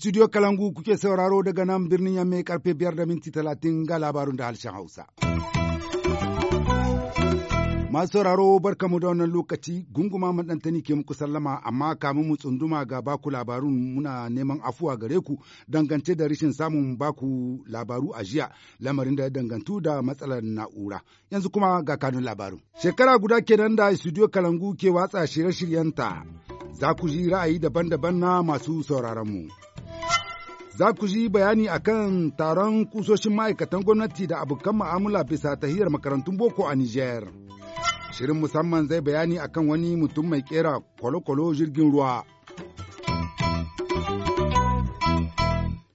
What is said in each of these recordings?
Studio Kalangu kuke sauraro daga nan birnin Yamme karfe biyar da minti talatin ga labarun da harshen Hausa. Masu sauraro mu da wannan lokaci gunguma maɗantani ke muku sallama amma kamin mu tsunduma ga baku labarun muna neman afuwa gare ku dangance da rashin samun baku labaru a jiya lamarin da ya dangantu da matsalar na'ura. Yanzu kuma ga kanun labarun. Shekara guda kenan da studio Kalangu ke watsa shirye-shiryenta. Za ku ji ra'ayi daban-daban na masu sauraronmu. mu. Za ku ji bayani a kan taron kusoshin ma'aikatan gwamnati da abokan ma'amala bisa tahiyar makarantun boko a Nijar. Shirin musamman zai bayani a kan wani mutum mai kera kwalokwalo jirgin ruwa.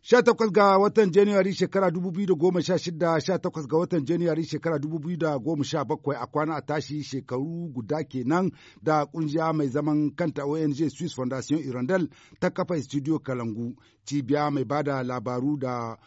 18 ga watan Janairu shekara 2016 18 ga watan Janairu shekara 2017 a kwana a tashi shekaru guda kenan da kungiya mai zaman kanta ONG Swiss Foundation Irandel ta kafa studio Kalangu cibiya mai bada labaru da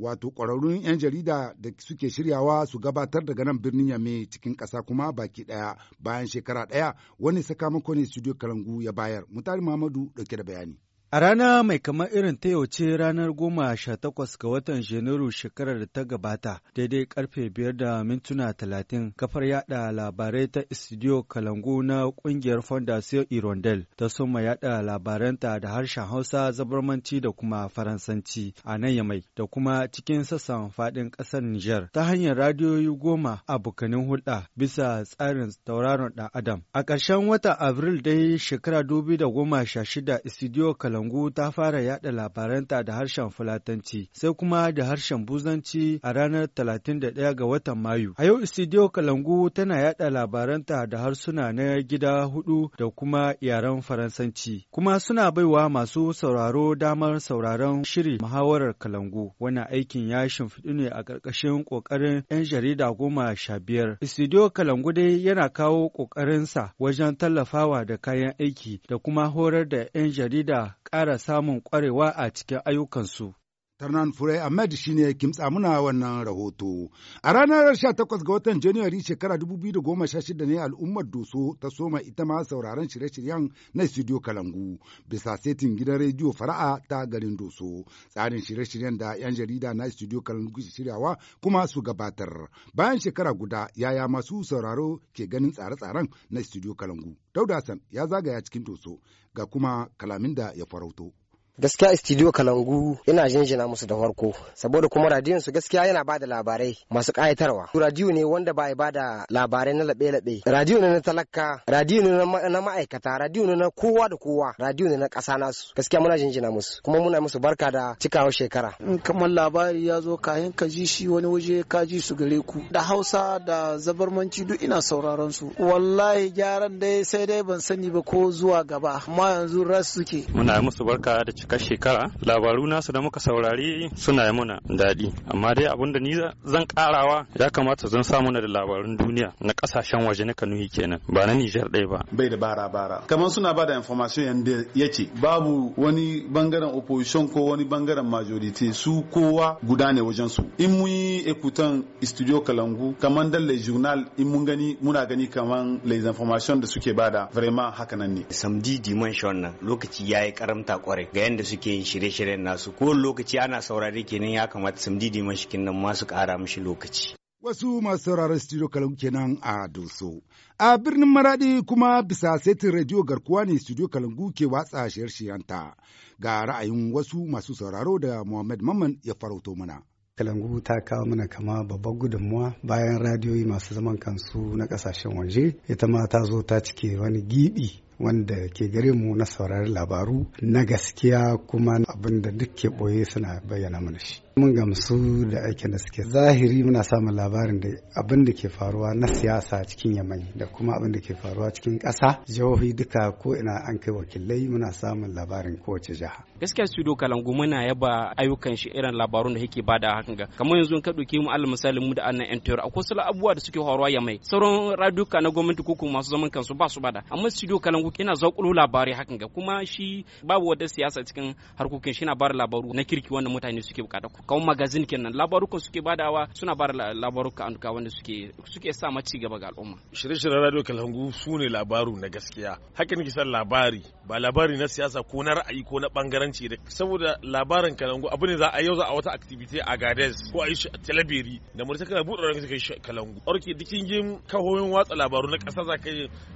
wato ƙwararrun 'yan jarida da suke shiryawa su gabatar daga nan birnin yame cikin ƙasa kuma baki ɗaya bayan shekara ɗaya wani sakamako ne studio kalangu ya bayar mutari muhammadu ɗauke da bayani A rana mai kamar irin ta yau ce ranar goma sha takwas ga watan Janairu shekarar da ta gabata daidai karfe biyar da mintuna talatin kafar yada labarai ta Studio Kalangu na kungiyar Fondation Irondel ta soma yada labaranta da harshen Hausa, Zabarmanci da kuma Faransanci a nan Yamai da kuma cikin sassan fadin kasar Nijar ta hanyar radiyoyi goma a bukanin hulɗa bisa tsarin tauraron dan Adam. A ƙarshen watan Abril dai shekara dubu da goma sha shida Studio Kalangu Kalangu ta fara yada labaranta da harshen Fulatanci sai kuma da harshen Buzanci a ranar 31 ga watan Mayu. A yau Studio Kalangu tana yada labaranta da harsuna na gida hudu da kuma yaren Faransanci. Kuma suna baiwa masu sauraro damar sauraron shiri muhawarar Kalangu. Wannan aikin ya shimfiɗi ne a ƙarƙashin ƙoƙarin 'yan jarida goma sha biyar. Studio Kalangu dai yana kawo ƙoƙarinsa wajen tallafawa da kayan aiki da kuma horar da 'yan jarida ƙara samun ƙwarewa a cikin ayyukansu. Tarnan Fure Ahmed shine kimtsa muna wannan rahoto. A ranar 18 ga watan Janairu shekara 2016 ne al'ummar Doso ta soma ita ma sauraron shirye-shiryen na Studio Kalangu bisa setin gidan rediyo Fara'a ta garin Doso. Tsarin shirye-shiryen da 'yan jarida na Studio Kalangu shiryawa kuma su gabatar. Bayan shekara guda yaya masu sauraro ke ganin tsare-tsaren na Studio Kalangu. Dauda Hassan ya zagaya cikin Doso ga kuma kalamin da ya farauto. gaskiya studio kalangu yana jinjina musu da farko saboda kuma radiyon su gaskiya yana bada labarai masu kayatarwa radiyo ne wanda ba ya bada labarai na labe-labe radiyo ne na talaka radiyo ne na ma'aikata radiyo ne na kowa da kowa radiyo ne na ƙasa nasu gaskiya muna jinjina musu kuma muna musu barka da cikawar shekara in kamar labari ya zo kayan ka ji shi wani waje ka ji su gare ku da hausa da zabarmanci duk ina sauraron su wallahi gyaran dai sai dai ban sani ba ko zuwa gaba amma yanzu ras suke muna musu barka da Ka shekara labaru nasu da muka saurari suna yi muna daɗi amma dai abin da ni zan karawa ya kamata zan sa na da labarun duniya na kasashen waje na kanuhi kenan ba na Nijar ɗaya ba bai da bara bara kamar suna ba da information ya ce babu wani bangaren opposition ko wani bangaren majority su kowa guda ne wajen su in mun yi ekutan studio kalangu kamar le journal in mun gani muna gani kamar les information da suke bada vraiment haka nan ne samedi dimanche wannan lokaci yayi karamta kwarai ga yadda suke yin shirye-shiryen nasu ko lokaci ana saurari kenan ya kamata su didi mashi kinnan masu kara mishi lokaci wasu masu sauraron studio kalangu kenan a doso a birnin maradi kuma bisa setin radio garkuwa ne studio kalangu ke watsa shiyar-shiyanta ga ra'ayin wasu masu sauraro da muhammad mamman ya farauto mana kalangu ta kawo mana kama babbar gudunmuwa bayan radiyoyi masu zaman kansu na kasashen waje ita ma ta zo ta cike wani gibi wanda ke gare mu na saurari labaru na gaskiya kuma abin da duk ke ɓoye suna bayyana mana shi. mun gamsu da aikin da suke zahiri muna samun labarin da abin da ke faruwa na siyasa cikin yamai da kuma abin da ke faruwa cikin ƙasa jihohi duka ko ina an kai wakilai muna samun labarin kowace jiha gaskiya studio kalangu muna yaba ayyukan shi irin labarun da yake bada hakan ga kamar yanzu ka ɗauki mu alal misalin mu da annan yan akwai wasu abubuwa da suke faruwa yamai sauran raduka na gwamnati ko kuma masu zaman kansu ba su bada amma studio kalangu yana zaƙulo labarai hakan ga kuma shi babu wata siyasa cikin harkokin shi na bada labaru na kirki wanda mutane suke bukata kawun magazin kenan labarukan suke badawa suna ba labaruka an wanda suke suke sa ma gaba ga al'umma shirye-shiryen radio kalangu sune ne labaru na gaskiya nake san labari ba labari na siyasa ko na ra'ayi ko na bangaranci da saboda labarin kalangu abu ne za a yau za a wata activity a gades ko a yi shi a talabiri da murta kana buɗe ranka kai kalangu orke dikin gim kahoyin watsa labaru na ƙasa za ka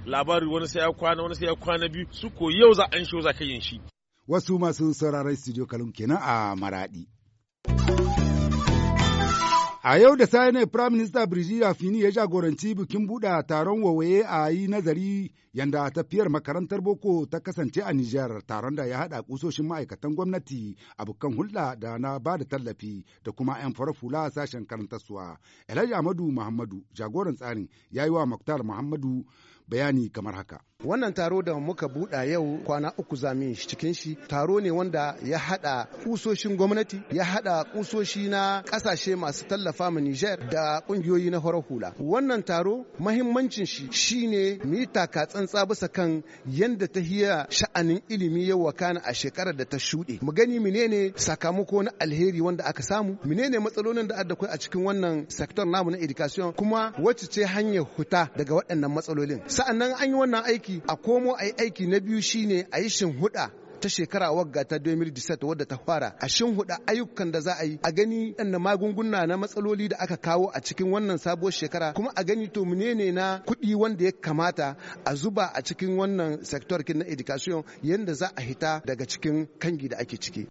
labari wani sai ya kwana wani sai ya kwana biyu su ko yau za an shi za ka yin shi wasu masu sauraron studio kalun kenan a maradi A yau da sai ne Prime Minister Brigida Fini ya jagoranci bikin buɗe taron wawaye a yi nazari yadda tafiyar makarantar boko ta kasance a Nijar taron da ya haɗa kusoshin ma'aikatan gwamnati abokan hulɗa da na ba da tallafi da kuma 'yan farar hula sashen karantarsuwa. Alhaji Ahmadu Muhammadu jagoran tsarin ya yi wa Muktar Muhammadu bayani kamar haka. Wannan taro da muka buɗa yau kwana uku zamin cikin shi taro ne wanda ya haɗa kusoshin gwamnati ya haɗa kusoshi na ƙasashe masu tallafa ma Nijar da ƙungiyoyi na horar hula. Wannan taro mahimmancin shi shine mu yi taka tsantsa bisa kan yadda ta hiya sha'anin ilimi yau wakana a shekarar da ta shuɗe. Mu gani menene sakamako na alheri wanda aka samu menene matsalolin da adda a cikin wannan sektor namu na education kuma wacce ce hanyar huta daga waɗannan matsalolin sa'annan an yi wannan aiki a komo a yi aiki na biyu shine a yi shinhuda ta shekara wagga ta 2017 wadda ta fara a shinhuda ayyukan da za a yi a gani na magunguna na matsaloli da aka kawo a cikin wannan sabuwar shekara kuma a gani to menene na kuɗi wanda ya kamata a zuba a cikin wannan sektor na education yadda za a hita daga cikin kangi da ake ciki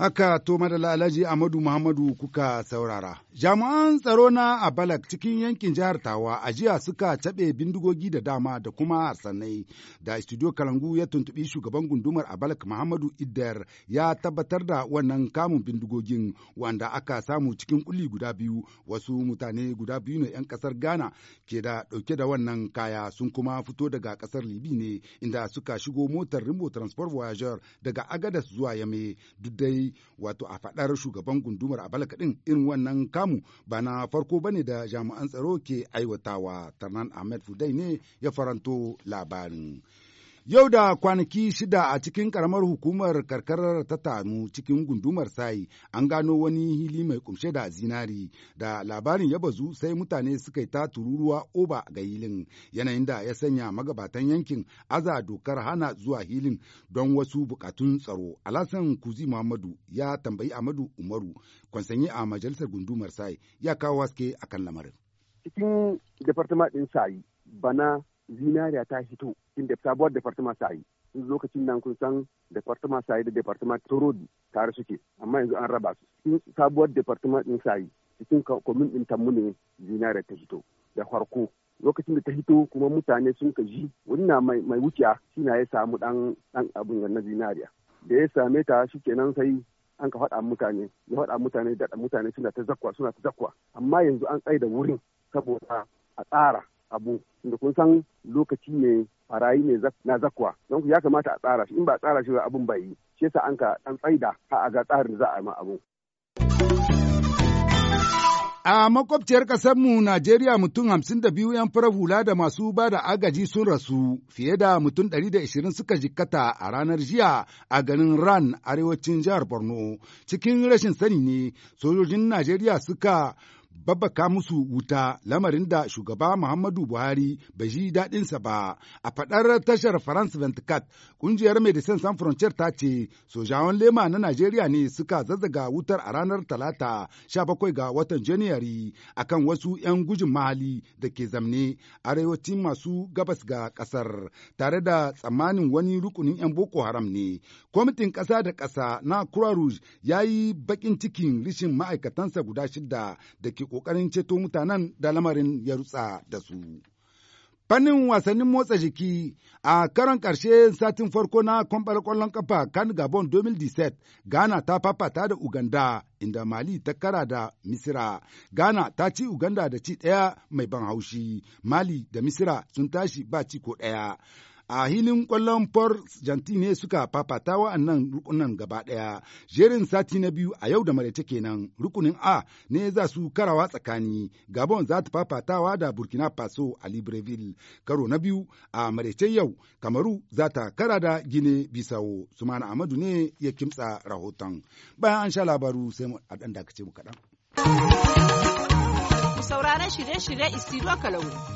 haka to madala alhaji amadu muhammadu kuka saurara Jami'an tsaro na a balak cikin yankin jihar Tawa a jiya suka taɓe bindigogi da dama da kuma sanai da studio Kalangu ya tuntuɓi shugaban gundumar a balak Muhammadu Idar ya tabbatar da wannan kamun bindigogin wanda aka samu cikin kuli guda biyu wasu mutane guda biyu ne 'yan ƙasar Ghana ke da ɗauke da wannan kaya sun kuma fito daga ƙasar Libi ne inda suka shigo motar Rimbo Transport Voyager daga Agadas zuwa Yame duk dai wato a faɗar shugaban gundumar balak ɗin irin wannan kamun samu ba na farko bane da jami'an tsaro ke aiwatawa tarnan ahmed fudai ne ya faranto labarin Yau da kwanaki shida a cikin karamar hukumar karkarar ta tanu cikin gundumar sai an gano wani hili mai kumshe da zinari da labarin ya bazu sai mutane suka yi ta tururuwa oba ga hilin yanayin da ya sanya magabatan yankin aza dokar hana zuwa hilin don wasu bukatun tsaro. Alasan Kuzi Muhammadu ya tambayi Amadu Umaru kwansanyi a majalisar gundumar sai ya kawo haske akan lamarin. Cikin departement ɗin sai bana zinariya ta hito inda sabuwar departama sa yi lokacin nan kun san sa yi da departama torodi tare suke amma yanzu an raba su cikin sabuwar departama din sayi cikin komin din tammu ne zinariya ta hito da farko lokacin da ta hito kuma mutane sun ka ji wannan mai mai wuciya na ya samu dan dan na zinariya da ya same ta shi kenan sai an ka faɗa mutane ya faɗa mutane da mutane suna ta zakwa suna ta zakwa amma yanzu an tsaye da wurin saboda a tsara abu da kun san lokaci ne farayi ne na zakwa don ku ya kamata a tsara shi in ba a tsara shi ba abun bai yi shi yasa an ka dan tsaida a ga tsarin za a ma abu A makwabciyar mu Najeriya mutum 52 ‘yan farar hula da masu ba da agaji sun rasu, fiye da mutum ɗari da suka jikkata a ranar jiya a garin Ran, arewacin jihar Borno. Cikin rashin sani ne, sojojin Najeriya suka babbaka musu wuta lamarin da shugaba Muhammadu Buhari bai ji daɗinsa ba. A faɗar tashar France 24, ƙungiyar Medecins Sans Frontières ta ce sojawan lema na Najeriya ne suka zazzaga wutar a ranar Talata 17 ga watan Janairu akan wasu 'yan gujin mahali da ke zamne arewacin masu gabas ga ƙasar tare da tsammanin wani rukunin 'yan Boko Haram ne. Kwamitin ƙasa da ƙasa na Croix Rouge ya yi baƙin cikin rishin ma'aikatansa guda shidda. da ke ƙoƙarin ceto mutanen da lamarin ya rutsa da su. Fannin wasannin motsa jiki a karon ƙarshe satin farko na kwamfar kwallon ƙafa kan Gabon 2017 Ghana ta fafata da Uganda inda Mali ta kara da Misira. Ghana ta ci Uganda da ci ɗaya mai ban haushi, Mali da Misira sun tashi ba ci ko ɗaya. a hilin ƙwallon Port ne suka fafata nan rukunan gaba ɗaya. Jerin sati na biyu a yau da maraice kenan rukunin A ne za su karawa tsakani. Gabon za ta fafatawa da Burkina Faso a Libreville. Karo na biyu a maraice yau Kamaru za ta kara da Gine Bisawo. Sumana Amadu ne ya kimtsa rahoton. Bayan an sha labaru sai mu a dan dakace mu kaɗan. Sauraron shirye-shirye Isidro Kalangu.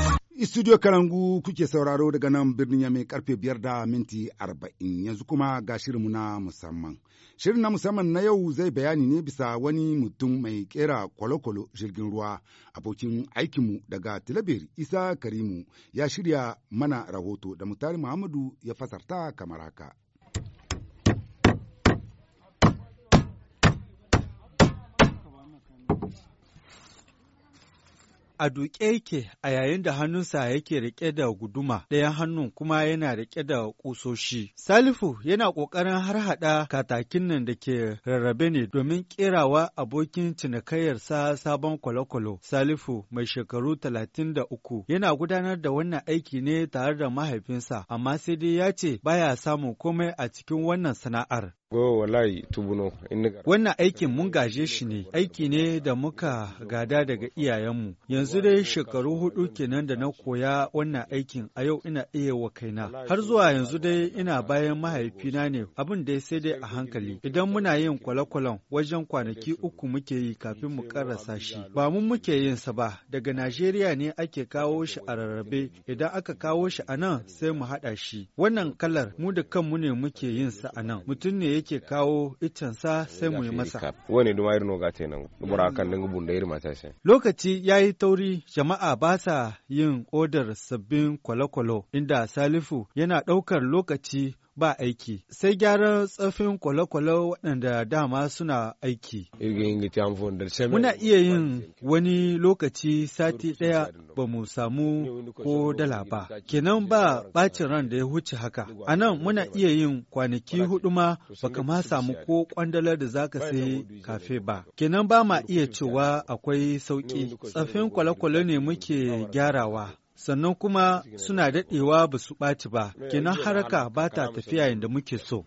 Studio Kalangu kuke sauraro daga nan birnin mai karfe biyar da minti arba'in yanzu kuma ga shirinmu na musamman. Shirin na musamman na yau zai bayani ne bisa wani mutum mai kera kwalokwalo jirgin ruwa abokin aikinmu daga Tilabir Isa Karimu ya shirya mana rahoto da Mutari Muhammadu ya fasarta kamar haka. a duƙe yake a yayin da hannunsa yake riƙe da guduma, ɗayan hannun kuma yana riƙe da ƙusoshi. Salifu yana ƙoƙarin harhaɗa katakin nan da ke rarrabe ne domin ƙerawa abokin cinikayyarsa sabon kwalokwalo. Salifu mai shekaru talatin da uku yana gudanar da wannan aiki ne tare da mahaifinsa, amma sai dai ya ce baya samun komai a cikin wannan sana'ar. Oh, wannan aikin mun gaje shi ne, aiki ne da muka gada daga iyayenmu. Yanzu dai shekaru hudu kenan da na koya wannan aikin a yau ina iya wa kaina. Har zuwa yanzu dai ina bayan mahaifina ne abin da sai dai a hankali. Idan muna yin kwale-kwalen wajen kwanaki uku muke yi kafin mu karasa shi. Ba mun muke yin sa ba, daga Najeriya ne ake kawo shi a rarrabe. Idan aka kawo shi a nan sai mu haɗa shi. Wannan kalar mu da kanmu ne muke yin sa a nan. Mutum ne yake kawo sa sai mu yi masa. Wani duma irin noga ta nan, bura kan dinga bunda irin mata sai. Lokaci ya yi tauri jama'a ba sa yin odar sabbin kwalokwalo inda Salifu yana ɗaukar lokaci ba aiki, sai gyaran tsafin kwale-kwale waɗanda dama suna aiki. Muna iya yin wani lokaci sati ɗaya ba mu samu ko dala ba, kenan ba ɓacin ran da ya huce haka. A nan muna iya yin kwanaki hudu ma baka ma samu ko kwandalar da zaka sai kafe ba. Kenan ba ma iya cewa akwai sauƙi, tsafin kwale-kwale ne muke gyarawa. sannan kuma suna daɗewa ba su ɓaci ba, kenan haraka ba ta tafiya yadda muke so.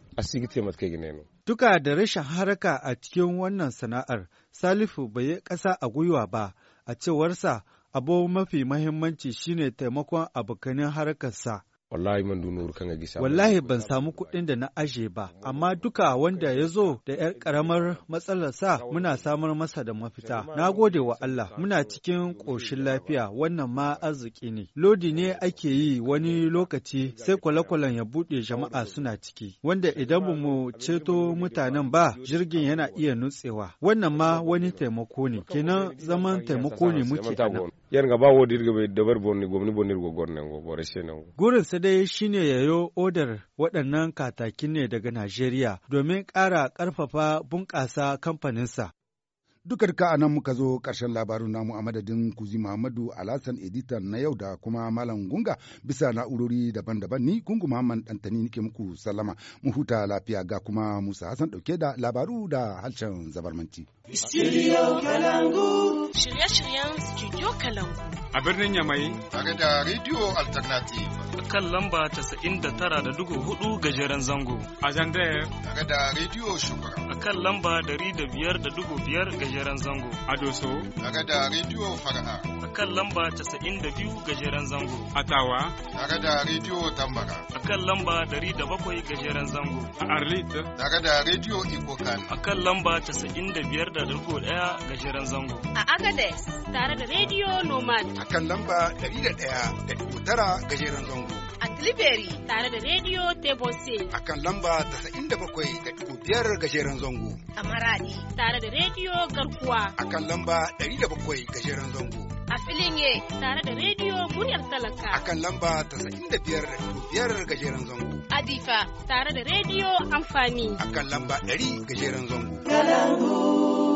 Duka da rashin haraka a cikin wannan sana'ar, Salifu bai yi ƙasa a gwiwa ba, a cewarsa abu mafi mahimmanci shine taimakon abokanin harakarsa. wallahi man dunur kan gisa wallahi ban samu kuɗin da na aje ba amma duka wanda ya zo da yar karamar matsalar sa muna samar masa da mafita na gode wa Allah muna cikin ƙoshin lafiya wannan ma arziki ne lodi ne ake yi wani lokaci sai kwale-kwalen ya buɗe jama'a suna ciki wanda idan ba mu ceto mutanen ba jirgin yana iya nutsewa wannan ma wani taimako ne kenan zaman taimako ne muke nan. yan ga ba dirga bai dabar bonni gomni bonni go gorne go bore sene go gurin sa dai shine yayo odar waɗannan katakin ne daga Najeriya domin ƙara ƙarfafa bunƙasa kamfanin sa Duka duka a nan muka zo ƙarshen labarin namu a madadin Kuzi Muhammadu Alhassan editan na yau da kuma Malam Gunga bisa na'urori daban-daban ni Gungu Muhammad Dantani nike muku salama mu huta lafiya ga kuma Musa Hassan ɗauke da labaru da harshen zabarmanci. Studio Kalangu. Shirye-shiryen Studio Kalangu. A birnin Yamai. Tare da Radio Alternative. Kan lamba 99.4 gajeren zango. A Zandaya. Tare da Radio Shugaba. a kan lamba dari da biyar da dubu biyar gajeren zango. A Doso. Daga da Rediyo Fara'a. A kan lamba casa'in da biyu gajeren zango. A Tawa. Daga da Rediyo Tambara. A kan lamba dari da bakwai gajeren zango. A Arlit. Daga da Rediyo Ikokan. A kan lamba casa'in da biyar da dubu ɗaya gajeren zango. A Agades. Tare da Rediyo Nomad. A kan lamba dari da ɗaya da dubu tara gajeren zango. a Tilibiri tare da rediyo tebosi. A kan lamba 97.5 gajeren zango. A Maradi. Tare da Rediyo Garkuwa. A kan lamba 107 gajeren zango. A filin ye tare da Rediyo Muryar Talaka. A kan lamba 95.5 gajeren zango. A Difa tare da Rediyo Amfani. A kan lamba 100 gajeren zango.